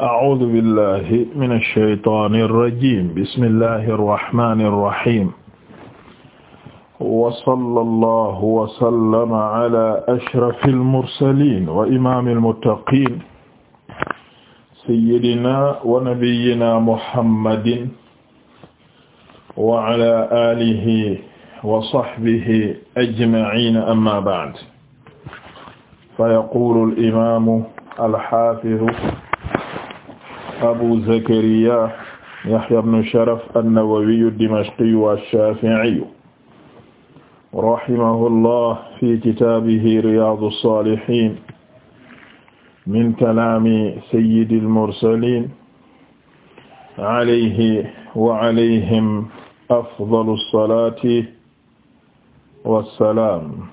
أعوذ بالله من الشيطان الرجيم بسم الله الرحمن الرحيم وصلى الله وسلم على أشرف المرسلين وإمام المتقين سيدنا ونبينا محمد وعلى آله وصحبه أجمعين أما بعد فيقول الإمام الحافظ abu zakariya yahya ibn sharaf an-nawawiyu dimashqiyu ash-shafi'iyu rahimahullah fi kitaabihi riyaadu saalihiin min kalaami sayyidil mursaliin alayhi wa alayhim afdalu salaati wa salaam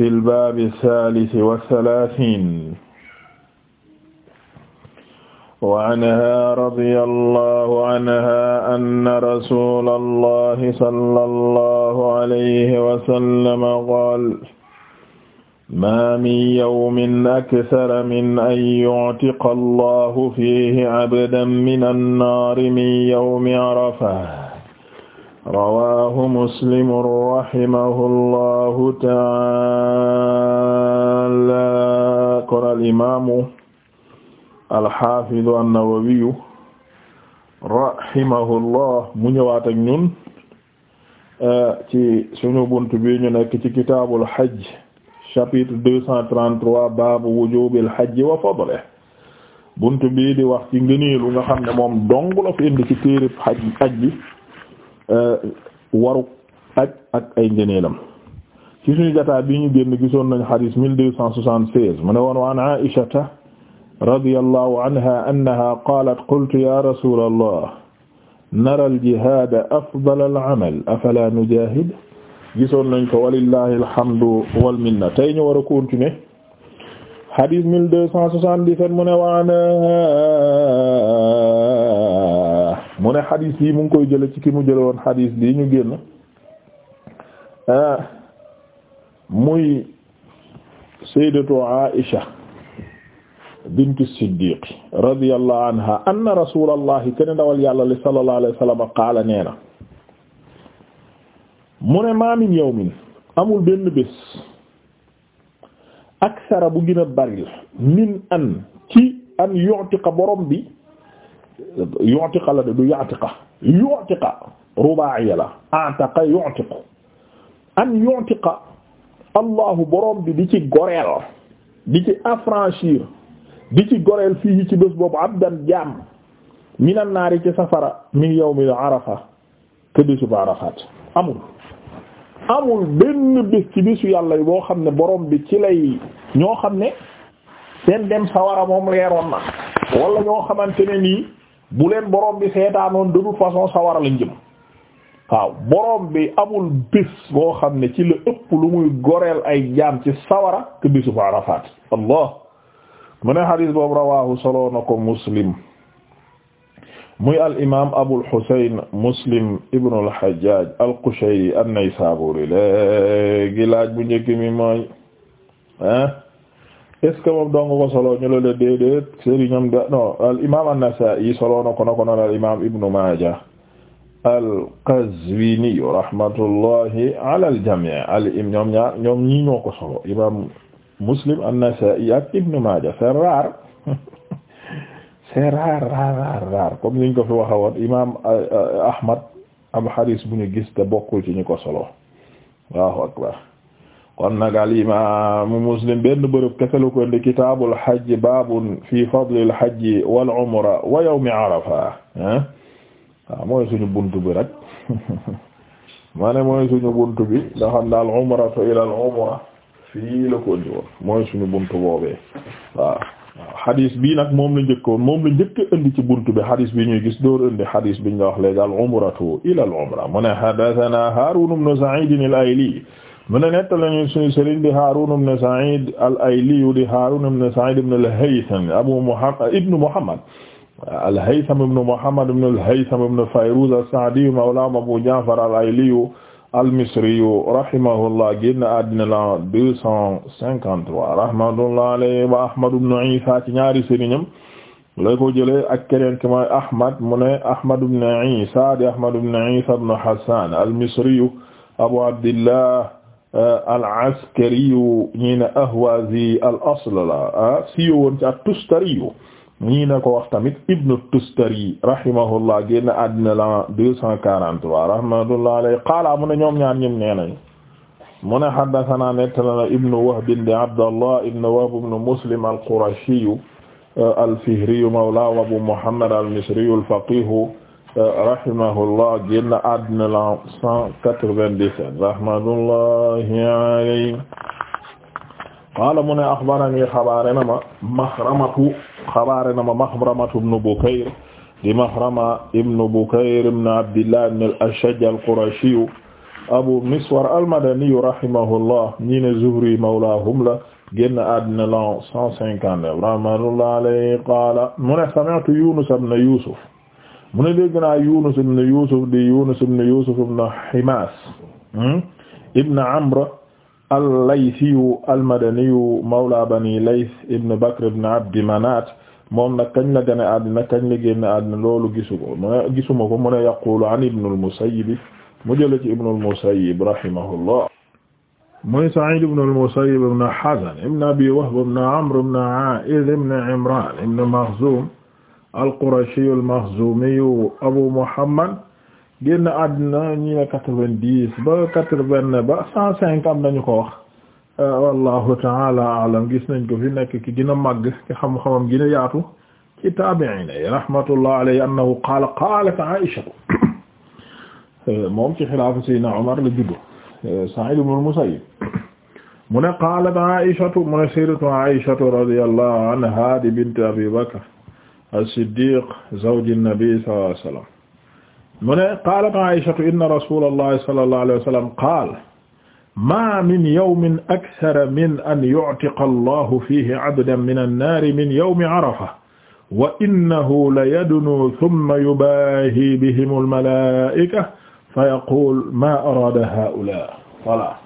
fil baabi saalisi wa salaasiin وعنها رضي الله عنها أن رسول الله صلى الله عليه وسلم قال ما من يوم أكثر من أن يعتق الله فيه عبدا من النار من يوم عرفة رواه مسلم رحمه الله تعالى قال الإمام alxafidu annawawiyu rahimahullah mu ñëwaat ak ñun euh, ci suñu bunt bi ñu nekk ci kitaabul hajj chapitre deux cent trente-trois baabu wujubil hajji wa fadle bunt bii di wax ci ngëneelu nga xam ne moom dong la fi indi ci téerib haj aj bi euh, aj ak ay ngëneelam ci suñu jataa bi ñu génn gisoon nañ xadiis mille deux cent soixante radiyallahu anha annaha qaalat qultu ya rasulallah nara aljihada afdal alamal afala nujahid gisoon nañ ko walillahi alhamdu walminna tey ñu war a continuer hadith mille deux cent soixante-dix-sept mu ne waana mu ne hadith yi mu ngi koy jële ci ki mu jële woon hadith bi ñu génn ah, muy sayyidatu Aisha bintu siddiq radiyallahu anha anna rasulallahi kenn dawal yàlla li sallallahu alayhi wa sallam qaala nee na mu ne ma min yawmin amul benn bés aksara bu gën a bari min an ci an yu'tiqa borom bi yu'tiqa la de du yu'tiqa yu'tiqa ruba'iya la ataqa yu'tiqu an yu'tiqa allahu borom bi di ci goreel di ci affranchir di ci goreel fii ci bés boobu abdan jaam minan naari ci safara min yawmi arafa te bésu ba arafaat amul amul benn bés ci bésu yàlla yi boo xam ne boroom bi ci lay ñoo xam ne seen dem sawara moom leeroon na wala ñoo xamante ne nii bu leen boroom bi seetaanoon de toute façon sawara lañ jëm waaw boroom bi amul bés boo xam ne ci la ëpp lu muy goreel ay jaam ci sawara te bésu arafaat allah mu ne xadis boobu rawaahu solo na ko muslim muy al imaam Abul Husayn Muslim ibn al Hajjaj al Qushayri an-Naysaburi léegi laaj bu njëkk mi mooy ah est-ce moom dong ko solo ñu la leen déedéet sëriñam da non al solo na ko na ko Ibn Maaja al Qazwini rahmatullahi ala al jami' ko solo Muslim an-Nasa'i ak Ibn Maaja c'est rare c'est rare rare rare rare comme niñ ko fi waxa woon imaam euh, euh, Ahmad am hadis bu ñu gis te bokkul ci ñu ko solo Allahu akbar kon nag al imam Muslim benn bërëb kese ko indi kitaabul hajj baabun fi fadlil hajj wal umra wa yawmi arafa ah mooy suñu buntu bi rek ma mooy suñu buntu bi nga xam daal umratu ilal umra fii la ko indi woon mooy suñu buntu boobee waaw waaw bii nag moom la njëkkoon moom la njëkk a ci buntu bi xadis bi ñuy gis door indi xadis bi ñu la wax léegi al umratu ila al umra mu ne hadathana Harun ibn Sa'id al Ayli mu ne nettali nañu suñu sëriñ bi Harun ibn Sa'id al Ayli di Harun ibn Sa'id ibn al Haytham Abu Muhammad al Haytham ibn Muhammad ibn al Haytham ibn Fayruz as-Sa'di mawla Abu Ja'far al Ayli almisriyu rahimahullah génn àddina la cent cinquante-trois rahmatullah alayhi ahmad ibn isa ci ñaari sëriñam la ko jëlee ak keneen ki mooy ahmad mu ne ahmad ibn isa di ahmad ibn isa ibn hasan almisriyu abu abdillah eh, al-askariyu ñi ne ahwazi al asl la ah, siiwoon tustariyu ñii na ko wax tamit ibnu Tustari rahimahullah génn àddina la deux cent quarante-trois rahmatullah alayhi qaala mu ne ñoom ñaar ñim nee nañ mu ne haddathana nettalana ibnu Wahb di Abdallah ibnu Wahb ibnu Muslim al-Qurashiyu euh, al-Fihriyu mawlaa Abu Muhammad al-Misriyu al-faqihu euh, rahimahullah génn àddina la cent quatre-vingt-dix-sept rahmatullahi alayhi qaala mu ne axbarani xabaare na ma Maxramatu xabaare na ma Maxramatu ibnu Bukayr di Maxrama ibnu Bukayr ibnu Abdillah ibnu al-Ashajj al-Qurashiyu Abu Miswar al-Madaniyu rahimahullah ñi ne Zuhri mawlaahum la génn àddina l'an cent cinquante rahmatullahi alayhi qaala mu ne sami'tu Yunus ibnu Yusuf mu ne dégg naa Yunus ibnu Yusuf di Yunus ibnu Yusuf ibnu Himaas hmm, ibnu Amr al-Laysiyu al-Madaniyu mawla bani Lays ibn Bakr ibn Abdi Manat moom nag kañ la gane àddina kañ la génn àddina loolu gisu ko mu ne gisuma ko mu ne yaqulu an Ibn al-Musayyib mu jële ci Ibn al-Musayyib rahimahullah muy Sa'id ibn al-Musayyib ibn Hazn ibn Abi Wahb ibn Amr ibn A'id ibn Imran ibn Makhzum al-Qurashi al-Makhzumi Abu Muhammad génn àddina ñi ne quatre-vingt-dix ba quatre-vingt ba cent cinq am nañu ko wax euh, wallahu taala alam gis nañ ko fi nekk ki gën a màgg ki xam-xamam gën a yaatu ci tabi'ina yi rahmatullah alayhi annahu qaala qaalat Aisha euh, moom ci xilaafa sayyidina Umar la juddu euh, Sa'id ibn al-Musayyib mu ne qaalat Aisha mu ne sayyidatu Aisha radiyallahu anha bint Abi Bakr as-Siddiq zawj an-nabi sallallahu alayhi wa sallam mu ne qaalat aïshatu inna rasula allahi sallallahu alayhi wa sallam qaal ma min yawmin akthara min an yu'tiqa allahu fihi abdan min annaari min yawmi arafa wa innahu la yadnu thumma yubaahi bihim almalaa'ika fa yaquul ma araada haa'ulaa voilà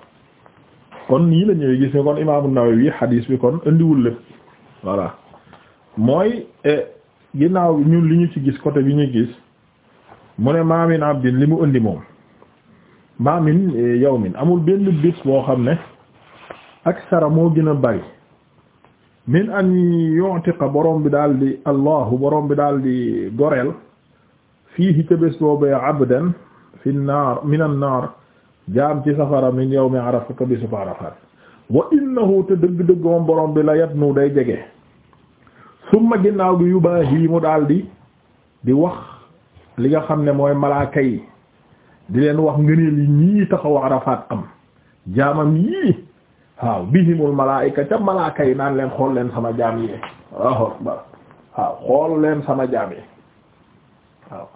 kon nii la ñëwee gis ne kon imaamu Nawawi xadiis bi kon indiwul lépp voilà mooy eh, ginnaaw ñun li ñu ci gis côté bi ñu gis mu ne maamin abdin li mu indi moom maamin eh, yawmin amul benn bis boo xam ne aksara moo gën a bari min an yu'tiqa borom bi daal di allahu borom bi daal di goreel fiihi ca bés boobee abdan fi naar min an naar jaam ci safara min yawmi arafa ca bésu arafat wa innahu te dëgg-dëgg borom bi la yatnu day jege summa ginnaaw gi yubaahi mu daal di wax li nga xam ne mooy malaaka yi di leen wax ngëneel yi ñii taxaw Arafat am jaamam yii waaw bihimul malaayika ca malaaka yi naan leen xool leen sama jaam yi waaw xool leen sama jaam yi waaw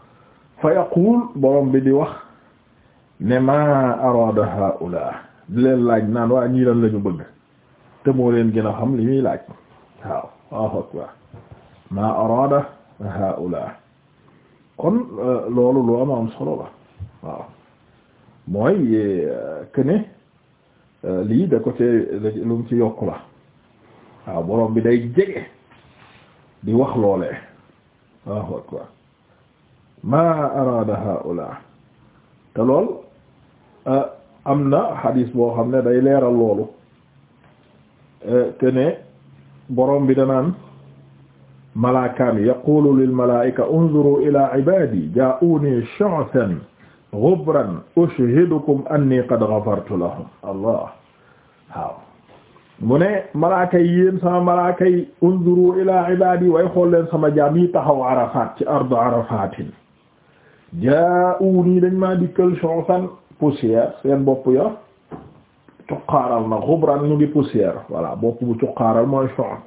fa yaqul borom bi di wax ne ma arada haula di leen laaj naan waa ñii lan la bëgg te moo leen gën a xam li muy laaj waaw waaw ma arada haula kon euh, loolu lu am am solo la waaw mooy euh, que euh, lii da ko cee lu mu ci yokk la waaw borom bi day jege di wax loole waaw waaw maa araada haula te lool am na xadiis boo xam ne day leeral loolu que ne borom bi danaan. malaakaami yaqulu lil malaa'ika unzuru ila ibaadi jaa'uuni shu'san ghubran ushhidukum anni qad ghafartu lahum allah waaw mu ne malaaka yi yéen sama malaaka yi unzuru ila ibaadi way xool leen sama jaam yi taxaw Arafat ci ardu Arafatin jaa'uuni dañ maa dikkal shu'san poussière seen bopp ya cuqaaral na ghubran ñu ngi poussière voilà bopp bu cuqaaral mooy shu'san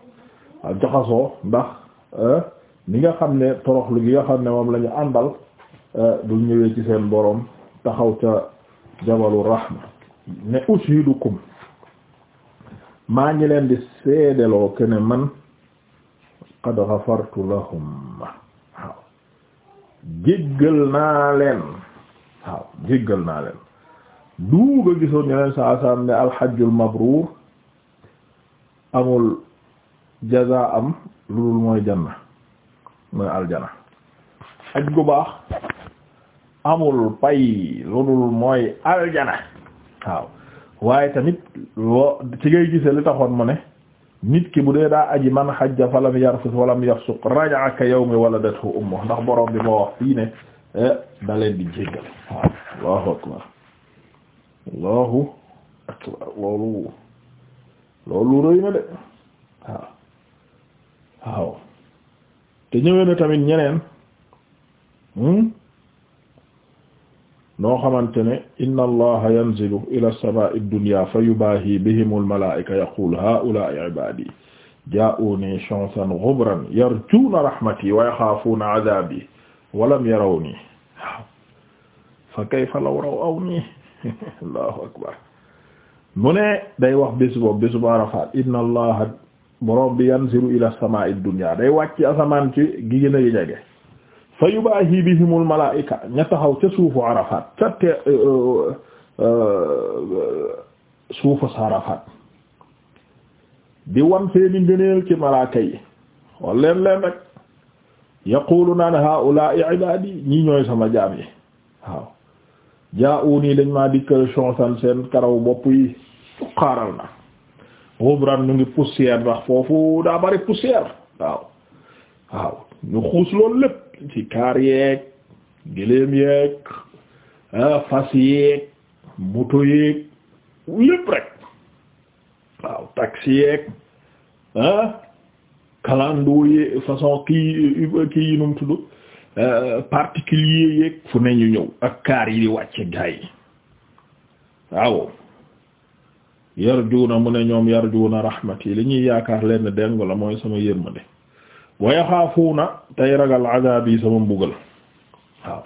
waaw jaxasoo ndax ni euh, nga xam ne toroxlu gi nga xam ne moom lañu ñu àndal euh, bu ñëwee ci seen boroom taxaw ca jabalu rahma ne ushidukum maa ngi leen di seedeloo ke man qad ghafartu lahum waaw jéggal naa leen waaw jéggal naa leen duuga gisoon ñe leen saa saam ne alhajjul mabruur amul jaza am lu dul mooy janna mooy aljana aj gu baax amul pay lu dul mooy aljana waaw waaye tamit loo ci ngay gisee li taxoon mu ne nit ki bu dee daa aji man xajja falam yarfus walam yafsuq raja'a ka yawmi waladathu ummuhu ndax borom bi moo wax fii ne eh, da leen di jéggal allahu akbar loolu loolu rëy na de waaw waaw te ñëwee na tamit ñeneen hmm? noo xamante ne inna allaha yanzilu ila samaa'i dunya fa yubaahi bihim almalaa'ika yaqulu haa'ulaa'i ibaadi jaa'uunii shonsan ghubran yarjuuna rahmatii wa yaxaafuuna adhaabii wa lam yarawnii fa kayfa law rawawnii allahu akbar mu ne day wax bés boobu bésu Arafaat inna allaha borom bi yanziru ila samaa'i dunya day wàcc asamaan ci gi gën a jege fa yubaahi bihimul malaa'ika ña taxaw ca suufu Arafat ca te euh, euh, euh, suufu Arafat di wan seeni ngëneel ci malaaka yi wal leen leen rek yaqulu naan haa'ulaa'i ibaadi ñii ñooy sama jaam yi waaw jaa'uunii dañ maa dikkal shonsan seen karaw bopp yi xaaral na xubran ñu ngi poussière ndax foofu daa bari poussière waaw waaw ñu xuus loolu lépp ci kaar yeeg gëléem yeeg ah, fas yeeg moto yeeg lépp rek waaw taxi yeeg kalandoo ah, yeeg façon kii kii yi num tudd ah, particulier yeeg fu ne ñu ñëw ak kaar yi di wàcce gaa waaw yarjuuna mu ne ñoom yarjuuna rahmati li ñuy yaakaar leen dengu la mooy sama yërmande wa yaxaafuuna tey ragal adaabi sama mbugal waaw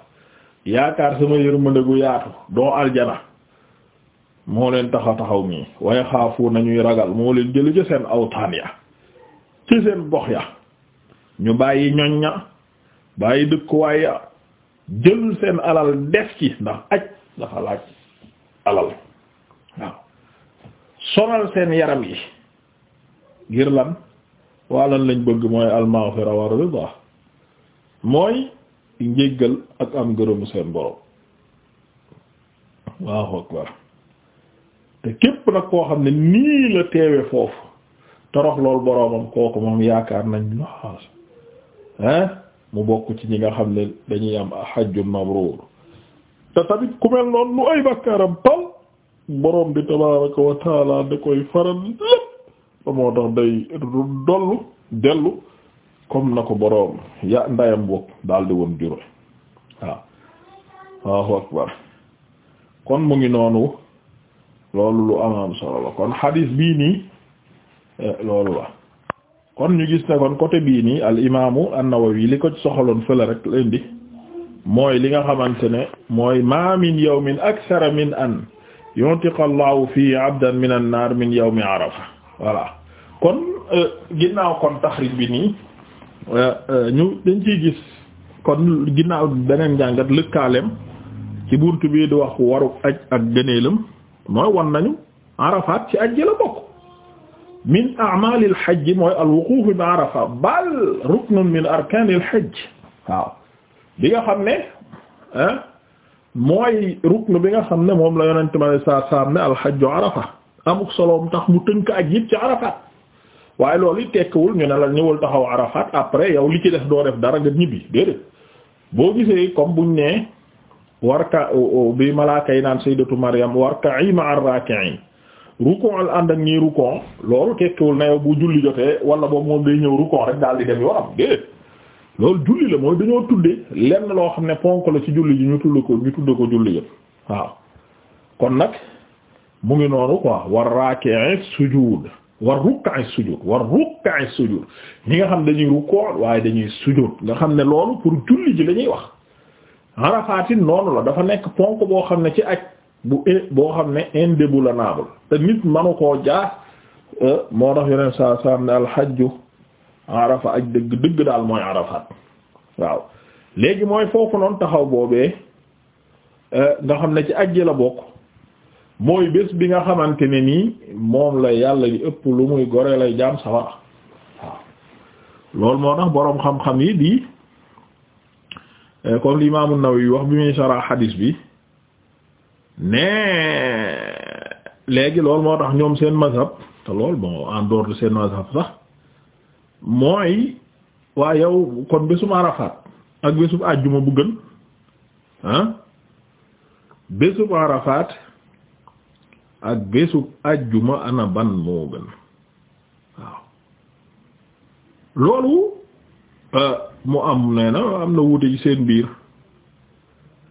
yaakaar sama yërmande gu yaatu doo aljana moo leen taxa taxaw mii wa yaxaafuuna ñuy ragal moo leen jëli ci seen awtaan ya ci seen gox ya ñu bàyyi ñoñ ña bàyyi dëkkuwaay ya jël seen alal def ci ndax aj dafa laaj alal waaw sonal seen yaram yi ngir lan lañ bëgg mooy almaghfira wa rida mooy njéggal ak am gërëmu seen borom waaw akbar te képp nag koo xam ne nii la teewe foofu torox lool boroomam kooku moom yaakaar nañ lool ah, hein mu bokk ci ñi nga xam ne dañuy am hajjun mabruur te tamit ku mel noonu lu ay bakkaaram tol borom bi tabaraka wa da koy faral lépp ba tax day dollu dellu comme na ko borom ya ndayam bokk daal di woon jure waaw waaw akbar kon mu ngi noonu loolu lu am solo la kon hadis bii nii eh, loolu la kon ñu gis ne kon côté bii nii al imaamu an li ko soxaloon fële rek leen di mooy li nga xamante ne mooy ma min yawmin akthara min an yuntiq allahu fii abdan min an-naar min mi arafa voilà kon euh, ginnaaw kon taxrij bi nii euh, euh, ñu dañ ciy gis kon ginnaaw beneen njàngat lëkkaaleem ci buntu bii di wax waru aj ak gëneelam mooy wan nañu arafaat ci aj ji la bokk min a'maali al-hajj mooy al-wuquuf bi arafa bal ruknun min arkaani al-hajj bi nga xam ne mooy rukn bi nga xam ne moom la yonente ma saar saam ne alxajju arafa amuk soloom tax mu tënk ak yëpp ci arafat waaye loolu yi tekkiwul ñu ne la ñëwal taxaw arafat après yow li ci def doo def dara nga ñibbi déedéet boo gisee comme buñ nee warka bi malaaka naan sayyidatu Maryam warka'i ma'ar raki'in rukon al ànd ak ñii loolu tekkiwul na yow bu julli jotee wala boobu moom day ñëw rukon rek daal di dem yoram déedéet loolu julli la mooy dañoo tuddee lenn loo xam ne ponk la ci julli ji ñu tudd ko ñu tudd ko julli yëpp waaw kon nag mu ngi noonu quoi war raki'i sujud war rukka'i sujud war rukka'i sujud ñi nga xam dañuy rukkoo waaye dañuy sujud nga xam ne loolu pour julli ji la ñuy wax arafaatin noonu la dafa nekk ponk boo xam ne ci ak bu e boo xam ne indéboulonnable te nit manu koo jaar euh, moo tax yeneen saa saa ne alxajju arafa ak dëgg dëgg daal mooy arafat waaw léegi mooy foofu noonu taxaw boobee euh, nga xam ne ci ajji la bokk mooy bés bi nga xamante ne nii moom la yàlla di ëpp lu muy gore lay jaam sawara waaw loolu moo tax boroom xam-xam yi di euh, comme l'imam an-Nawawi wax bi muy sara xadiis bi ne léegi loolu moo tax ñoom seen mazhab te lool bon en dehors de seen mazhab sax mooy waa yow kon bésum Arafat ak bésum àjjuma bu gën ah bésub Arafat ak bésub àjjuma ana ban moo gën waaw loolu euh, mu am nee na am na wuute seen biir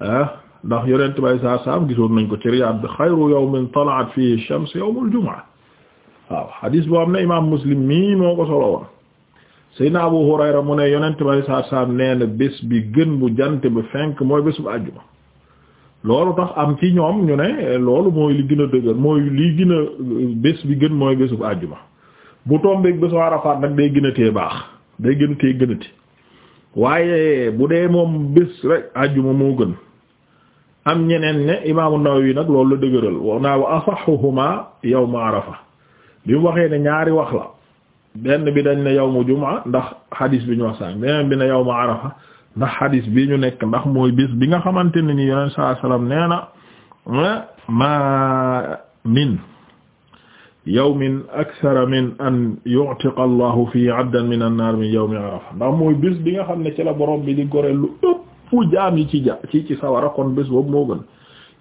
ah ndax yonent bay saa saam gisoon nañ ko ci Riyaad bi xayru yawmin tala'at fihi ash-shams yawmul jumu'a waaw xadiis boo am na imaam Muslim mii moo ko solo woon Seydina Abu Hurayra mu ne yonent bi sallallahu alayhi wasallam nee na bés bi gën bu jant bi fenk mooy bés bu àjjuma loolu tax am ci ñoom ñu ne loolu mooy li gën a dëgër mooy li gën a bés bi gën mooy bés bu àjjuma bu tombeeg bésu Arafaat nag day gën a tee baax day gën a tee waaye bu dee moom bés rek àjjuma moo gën am ñeneen ne imaamu Nawawi nag loolu la dëgëral wa naa wa yow yawma Arafa bi waxee ne ñaari wax la benn bi dañ ne yawmu jumaa ndax xadis bi ñu wax sànq beneen bi ne yawmu arafa ñu nekk ndax mooy bis bi nga xamante ne ni yonent saa salaam nee na ma min yawmin akthara min an yu'tiqa allahu fi abdan min an-naar nga xam ne ci borom bi di gore lu jaam yi ci ja ci ci sawara kon bis boobu moo gën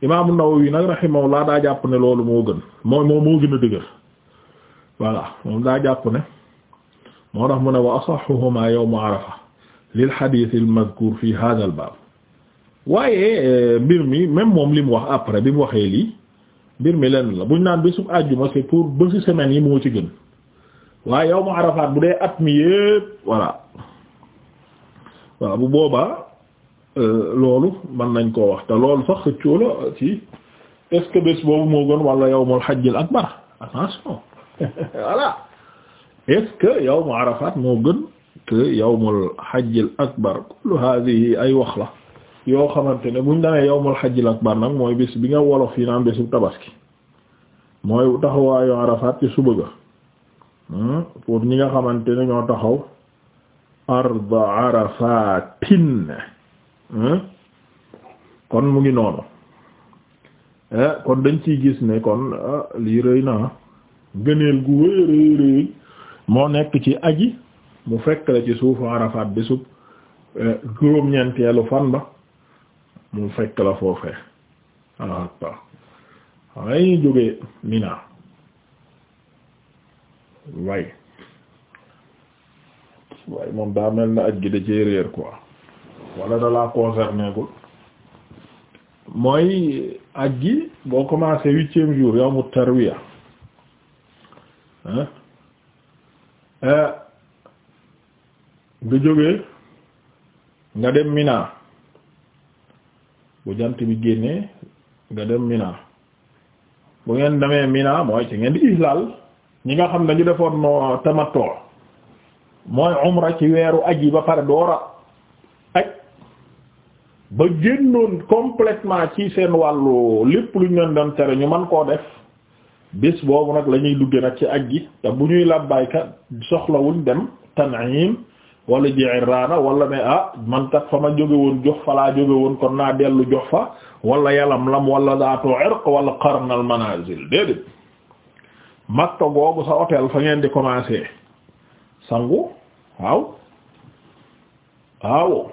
imaamu Nawawi nag rahimahullah daa jàpp ne loolu moo gën mooy moo moo gën a dëgër voilà ne. moo tax mu ne wa asaxuhuma yawmu arafa lil xadiis al mazkuur fi hada al baab waaye euh, mbir mi même moom li mu wax après bi mu waxee lii mbir mi lenn la buñ naan bésub àjjuma c'est pour bésu semaine yi moo ci gën waaye yawmu arafaat bu dee at mi yépp voilà bu boobaa euh, loolu mën nañ koo wax te loolu sax xëccoo la ci est-ce que bés boobu moo gën wala yawmul hajjil akbar attention voilà est-ce que yawmu Arafat moo gën que yawmul hajjil akbar kullu hadhihi ay wax la yoo xamante ne buñ danee yawmul hajjil akbar nag mooy bis bi nga wolof yi naan bésu tabaski mooy taxawaayu Arafat ci suba ga hmm? ñi nga xamante ne ñoo taxaw arda hmm? kon mu ngi noonu eh, kon dañ ci gis ne kon ah, lii rëy naa gëneel gu wéy rëy moo nekk ci aji mu fekk la ci suufu Arafat bésub eh, juróom-ñeenteelu fan ba mu fekk la foofee waaw waaw waaye ñu jógee Mina waaye moom daa mel na aj gi da cee réer quoi wala da laa concerné gul mooy aj gi boo commencé huitième jour yow mu tarwiya Eh, nga jóge nga dem Mina bu jant bi génnee nga dem Mina bu ngeen demee Mina mooy ci ngeen di ihlal ñi nga xam ne ñu defoon no tamattu mooy umra ci weeru aj yi ba pare doora aj ba génnoon complètement ci seen wàllu lépp lu ñu leen doon tere ñu man koo def bis boobu nag lañuy ñuy dugge nag ci aj gi te bu ñuy labbayka soxlawuñ dem Tan'im wala Ji'rana wala ne ah man kat fa ma jóge woon jox fa laa jóge kon naa dellu jox fa wala Yalamlam wala Zaatu Irq wala Qarn al Manazil déedéet Makka googu sa hôtel fa ngeen di commencer sangu waaw waaw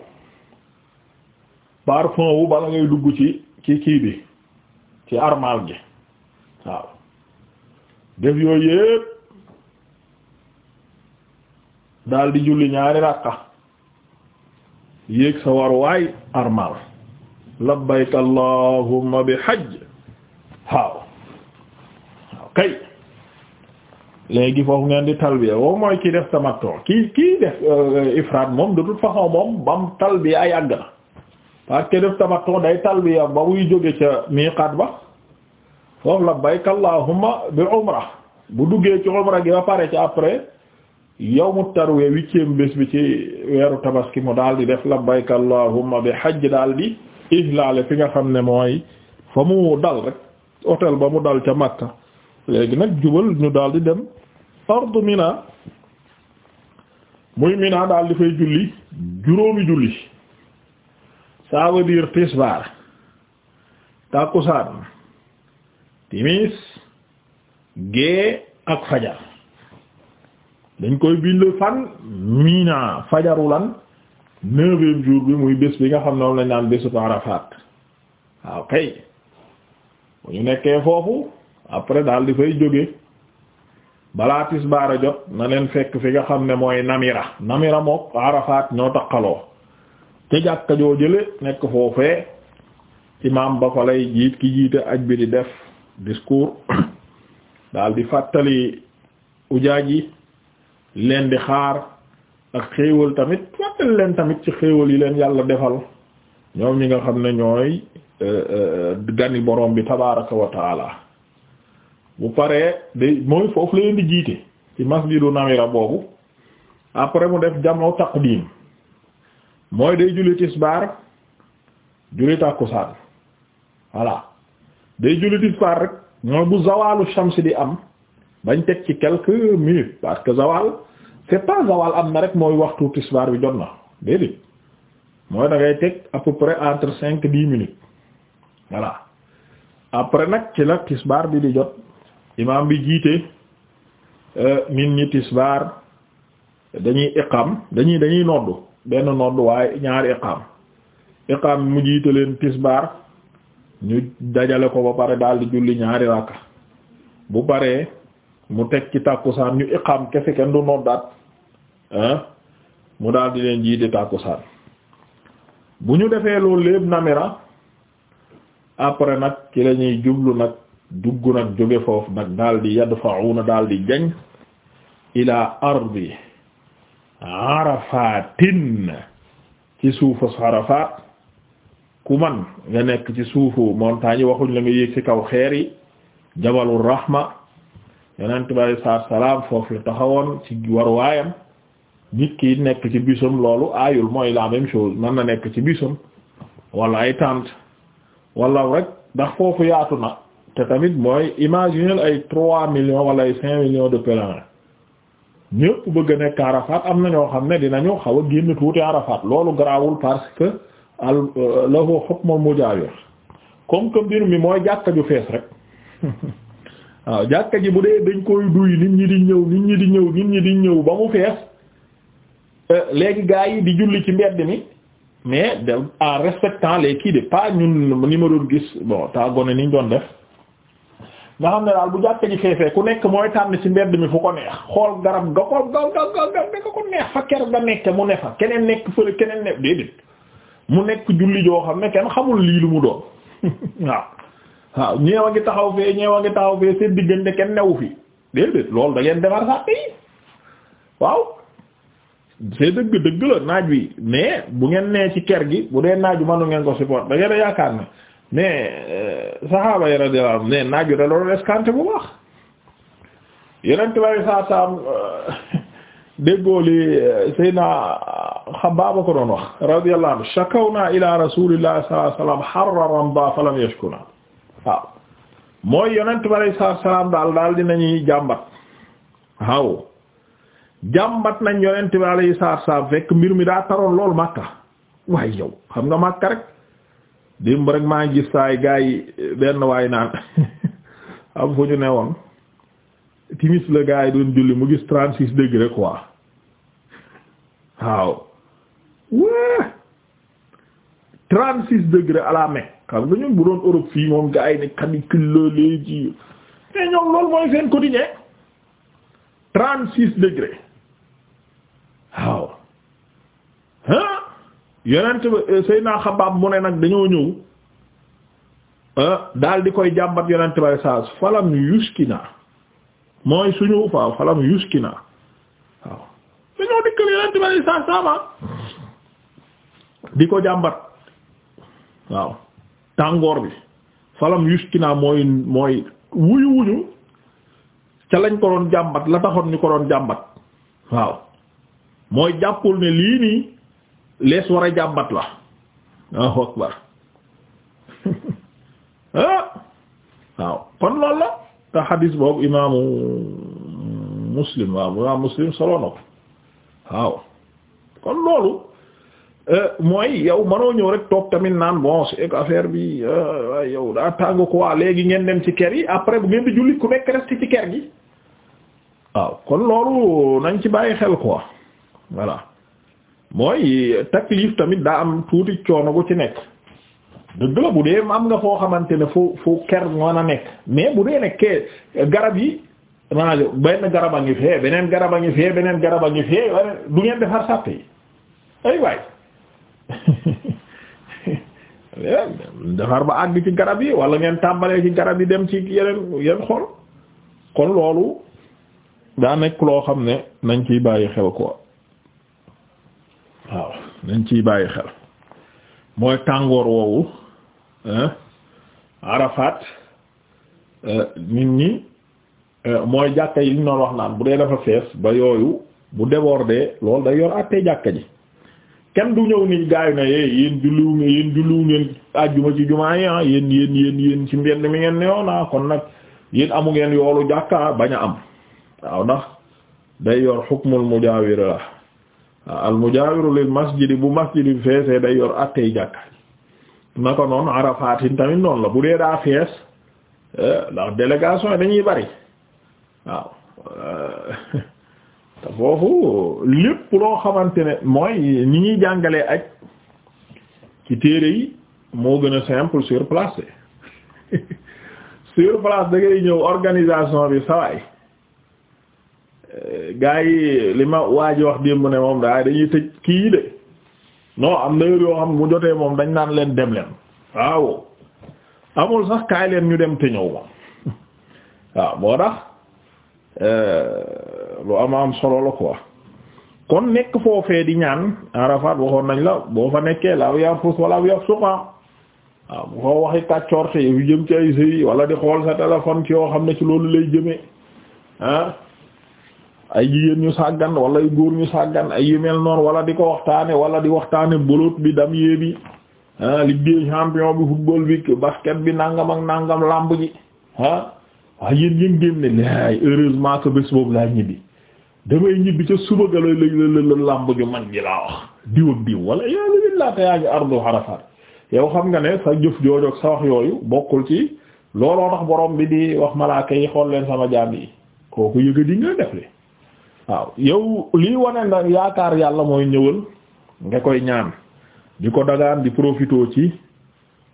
parfum wu bala ngay dugg ci ci kii bi ci armal gi waaw def yooyu yépp daal di julli ñaari ràkka yéeg sa war waay armal labbayk bi hajj waaw kay léegi foofu ngeen di talbiya wow mooy ki def tamattu ki ki def euh, ifraad moom de toute façon moom bam talbiya yàgg na parce que def tamattu day talbiya ba muy jóge ca miiqaat ba foofu labbayka allahumma bil umra bu duggee ci umra gi ba pare ci après yawmu tarwiya huitième bés bi ci weeru tabaski mu daal di def labbayka allahumma bi hajj daal di ihlaale fi nga xam ne mooy fa mu dal rek hôtel ba mu dal ca Makka léegi nag jubal ñu daal di dem ardu Mina muy Mina daal di fay julli juróomi julli ça veut dire tisbaar takusaan timis gée ak fajar dañ koy bind fan miina fajaru lan jour bi muy bés bi nga xam ne moom lañ naan bésu Arafat waaw kay bu ñu nekkee foofu après daal di fay jóge balaa tisbaar a jot na leen fekk fi nga xam ne mooy Namira Namira mook Arafat ñoo takkaloo te jàkka joo jële nekk foofee imaam ba fa lay jiit ki jiite aj bi di def discours daal di fàttali ujaaj yi leen di xaar ak xéewal tamit fàttali leen tamit ci xéewal yi leen yàlla defal ñoom ñi nga xam ne ñooy euh, euh, gani borom bi tabaraka wa bu paree day mooy foofu leen di jiite ci masjidu nawira boobu après mu def jamoo taqdim mooy day julli tisbaar julli tàkkusaan voilà day julli tisbaar rek mooy bu zawalu shams di am bañ teg ci quelques minutes parce que zawal c'est pas zawal am na rek mooy waxtu tisbaar bi jot na déedéet mooy da teg à entre cinq dix minutes voilà après nag ci la tisbaar bi di jot imaam bi jiite euh, nit ñi tisbaar dañuy iqam dañuy dañuy noddu benn noddu waaye ñaari iqam iqam mu jiite leen tisbaar ñu dajale ko ba pare daal di julli ñaari ràkka bu paree mu teg ci tàkkusaan ñu iqaam kese kenn du noddaat mu daal di leen jiite tàkkusaan bu ñu defee loolu lépp namira après nag ki lañuy jublu nag dugg nag jóge foofu nag daal di yadfa'una daal di jañ ila ardi arafatin ci suufu arafaat ku man nga nekk ci suufu montagne waxuñ la nga yéeg ci kaw xeer yi jabalur rahma yonent bi alei salaam foofu la taxawoon ci waruwaayam nit ki nekk ci bisam loolu aayul mooy la même chose man na nekk ci bisam wala ay tente wala rek ndax foofu yaatu na te tamit mooy imaginer ay trois millions wala ay cinq millions de pèlerins ñëpp bëgg a nekk Arafat am na ñoo xam ne dinañu xaw a génn tuuti Arafat loolu garaawul parce que al euh, lahu hukmul mujawir comme que mbir mi mooy jàkka ju fees rek waaw jàkka ji bu dee dañ koy duy nit ñi di ñëw nit ñi di ñëw nit ñi di ñëw ba mu fees euh, léegi gaa yi di julli ci mbedd mi mais de en respectant les kii de pas ñun ni ma doon gis doon def nga xam ne daal bu jàkka ji feesee ku nekk mooy tànn ci mbedd mi fu ko neex xool garab ga ko neex fa ker ga nekk mu ne fa keneen nekk fële keneen nekk déedéet mu nekk julli joo xam ne kenn xamul lii lu mu doon waaw waaw ñeewa ngi taxaw fee ñeewa ngi taxaw fee seen diggante kenn newu fi déedéet loolu da ngeen defar sax waaw c'est dëgg dëgg la naaj wi mais bu ngeen nee ci ker gi bu dee naaj naaju manu ngeen ko support da ngeen a yaakaar ne mais euh, saxaaba yi radiyallahu anhum naaj wi da loolu escanté bu baax yeneen tubaab saa saam déggoo li euh, Seyna. Xabbaab ko doon wax radiyallahu anhu shakawna ila rasulillahi sallallahu alayhi wasallam harra ramda falam yashkuna mooy yonent bi alayhi salaatu daal daal dinañuy jàmbat waaw jàmbat nañ yonent bi alayhi salaatu fekk mbir mi daa taroon lool Makka waaye yow xam nga Makka rek démb rek maa ngi gis saay gars yi benn waay naan am fu ñu ne woon timis la gars yi doon julli mu gis trente six degré quoi waaw waa trente six degré à la Mecque xam nga ñun bu doon Europe fii moom gaa yi ne canicule la léegi mais ñoom loolu mooy seen quotidien trente six degré waaw ah yonent euh, Seydina Xabaab mu ne nag dañoo ñëw euh, daal di koy jàmbat yonent bay saas falam yuskina mooy suñu faaw falam yuskina waaw dañoo dikkal yonent bay saas saama ah. di ko jàmbat waaw tàngoor bi falam yuskina mooy mooy wuyu wuñu ca lañ ko doon jàmbat la taxoon ñu ko doon jàmbat waaw mooy jàppul ne lii nii lees war a jàmbat la waaw akbar ah! waaw kon loolu waaw kon loolu Euh, mooy yow manoo ñëw rek toog tamit naan bon c'est que affaire bi euh, waaye yow daa tàng quoi léegi ngeen dem ci ker yi après bu ngeen di julli ku nekk reste ci kër gi waaw kon loolu nañ ci bàyyi xel quoi voilà mooy taklif tamit daa am tuuti coono gu ci nekk dëgg la bu dee am nga foo xamante ne foo foo ker mën a nekk mais bu dee nekkee garab yi range benn garab a ngi fee beneen garab a ngi fee beneen garab a ngi fee du ngeen defar sàppe yi ay waay defar ba àgg ci garab yi wala ngeen tàmbalee ci garab yi dem ci yeneen yeneen xol kon loolu daa nekk loo xam ne nañ ciy bàyyi xel ko waaw nañ ciy bàyyi xel mooy tàngoor woowu Arafat euh, nit ñi euh, mooy jàkka yi ñu doon wax naan bu dee dafa fees ba yooyu bu déborder lool day yor àttee jàkka ji kenn du ñëw ni gaayu na yee eh, yéen julliw ngeen àjjuma ci jumaa yi ah yéen yéen ci mbedd mi ngeen newoona ah, kon nag yéen amu ngeen yoolu jàkka ah, bañ a am waaw ndax day yor xukmul mujaawir la al mujaawiru lil masjidi bu masjidi feesee day yor attey jàkka na ko noonu arafaatin tamit noonu la bu dee daa fees eh, ndax délégation yi dañuy bari waaw euh, te foofu lépp loo xamante ne mooy ni ñuy jàngalee aj ci téere yi moo gën a simple sur place sur place da ñëw organisation bi sawaay euh, gars yi li ma waa ji wax démb ne moom daa dañuy tëj kii yi de non am na yoo mu jotee moom dañ naan leen dem leen waaw amul sax kaay leen ñu dem te ñëw waaw moo tax euh, lu am am solo la quoi kon nekk foofee di ñaan Arafat waxoon nañ la boo fa nekkee la aw yarfus wala aw yafsuqa waaw bu ko waxi kàccoor te wala di xool sa yoo xam ne ci loolu lay jëmee ah. ay jigéen ñu sàggan wala ay góor ñu sàggan ay yu noonu wala di ko waxtaane wala di waxtaane bolot bi dam yee bi ah ligue des bi football bi basket bi nangam ak nangam lamb ji ah waaye yéen yéen génne laay heureusement que bés boobu laa ñibbi damay ñibbi ca suba ga la la la làmb ju mag ji laa wax diw diw wala yaa ngi laa te yaa ngi ardu Arafat yow xam nga ne sa jëf joojoog sa wax yooyu bokkul ci looloo tax borom bi di wax malaaka yi xool leen sama jaam yi kooku yëga di nga def li waaw yow lii wane na yaakaar yàlla mooy ñëwal nga koy ñaan di ko dagaan di profitoo ci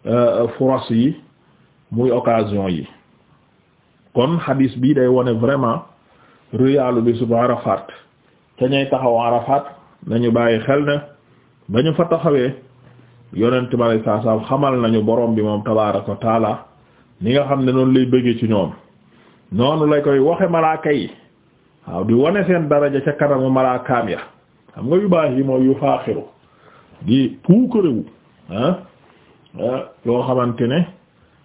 euh, force yi muy occasion yi kon hadis bi day wane vraiment rëyaalu bi suba Arafat ca ñay taxaw Arafat nañu bàyyi xel ne ba ñu fa taxawee yonent bi alay saa salaam xamal nañu borom bi moom tabaaraka ko taala ni nga xam ne noonu lay bëggee ci ñoom noonu lay koy waxe malaaka yi waaw di wane seen daraja ca kanamu malaakaam ya xam nga yu baax yi mooy yu faaxiru di puukarewu ah yoo ah, xamante ne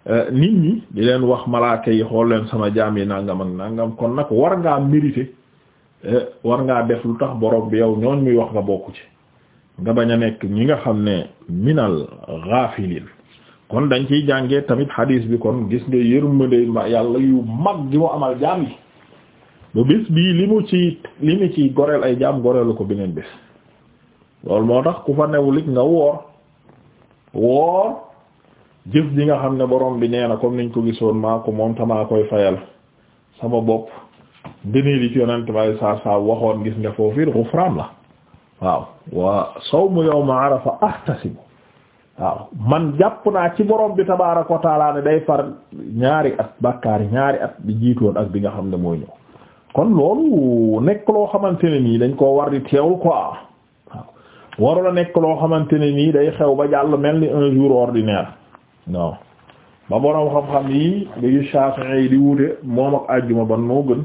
Euh, nit ñi di leen wax malaake yi xool leen sama jaam yi nangam ak nangam kon nag war ngaa mérité euh, war ngaa def lu tax borom bi yow ñooñ muy wax nga bokk ci nga bañ a nekk ñi nga xam ne minal gaafiliin kon dañ ciy jàngee tamit hadis bi kon gis nga yërmande ma yàlla yu mag gi mu amal jaam yi bu bis bii li mu ci li mu ci goreel ay jaam goreelu ko beneen bis loolu moo tax ku fa newulit nga woor woor jëf ji nga xam ne borom bi nee na comme niñ ko gisoon maa ko moom tamaa koy fayal sama bopp gëneel yi may saa saa waxoon gis nga foofu it xufraan la waaw wa sawmu yawma arafa ahtasibu waaw man jàpp naa ci borom bi tabaaraka wa taala ne day far ñaari at bàkkaar ñaari at bi jiitoon ak bi nga xam ne mooy ñëw kon loolu nekk loo xamante ne nii dañ koo war di teewul xamante ne nii day xew ba jàll mel ni un jour ordinaire non ba boroom xam-xam yi léegi Shafi'i yi di wute moom ak àjjuma ban moo gën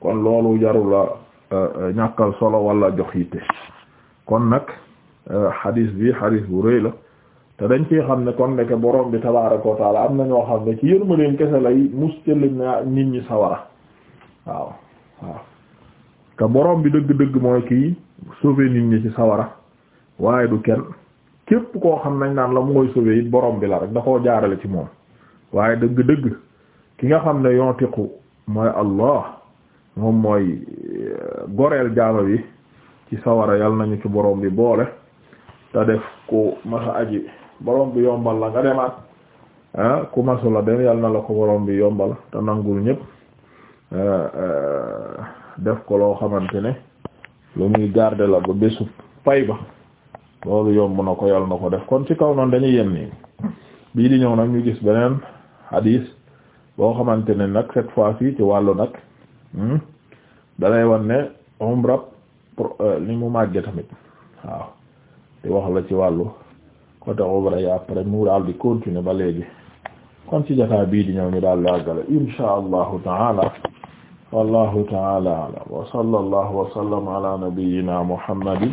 kon loolu jarula ñàkkal solo wala jox yitte kon nag xadiis bi xadis bu rëy la te dañ ci xam ne kon nekk boroom bi tabaaraka wa taala am na ñoo xam ne ci yërmandeem kese lay muscali na nit ñi sawara waaw waaw te borom bi dëgg-dëgg mooy kii sauver nit ñi ci sawara waaye du kenn. képp koo xam nañ naan la mu ngoy sauvé it borom bi la rek da koo jaarale ci moom waaye dëgg-dëgg ki nga xam ne yontiqu mooy allah moom mooy euh, goreel jaama bi ci sawara yal nañu ci boroom bi boole te def ku masa aji borom bi yombal la nga demaat ah ku masu la dem yal na la ko borom bi yombal te nangul ñépp euh, euh, def ko loo xamante ne lu muy garder la ba bésu pay ba loolu yomb na ko yàlla na ko def kon ci kaw noonu dañuy yem nii bii di ñëw nag ñu gis beneen hadis boo xamante ne nag cette ci wàllu nag hmm, dalay wan ne umra euh, ni mu màgge tamit waaw di wax la ci wàllu côté umra yi après mu daal di continuer ba léegi kon ci jataa bii di ñëw ñu daal laagale insha allahu taala wallahu taala alam wa sallallahu ala nabiyyina muhammadin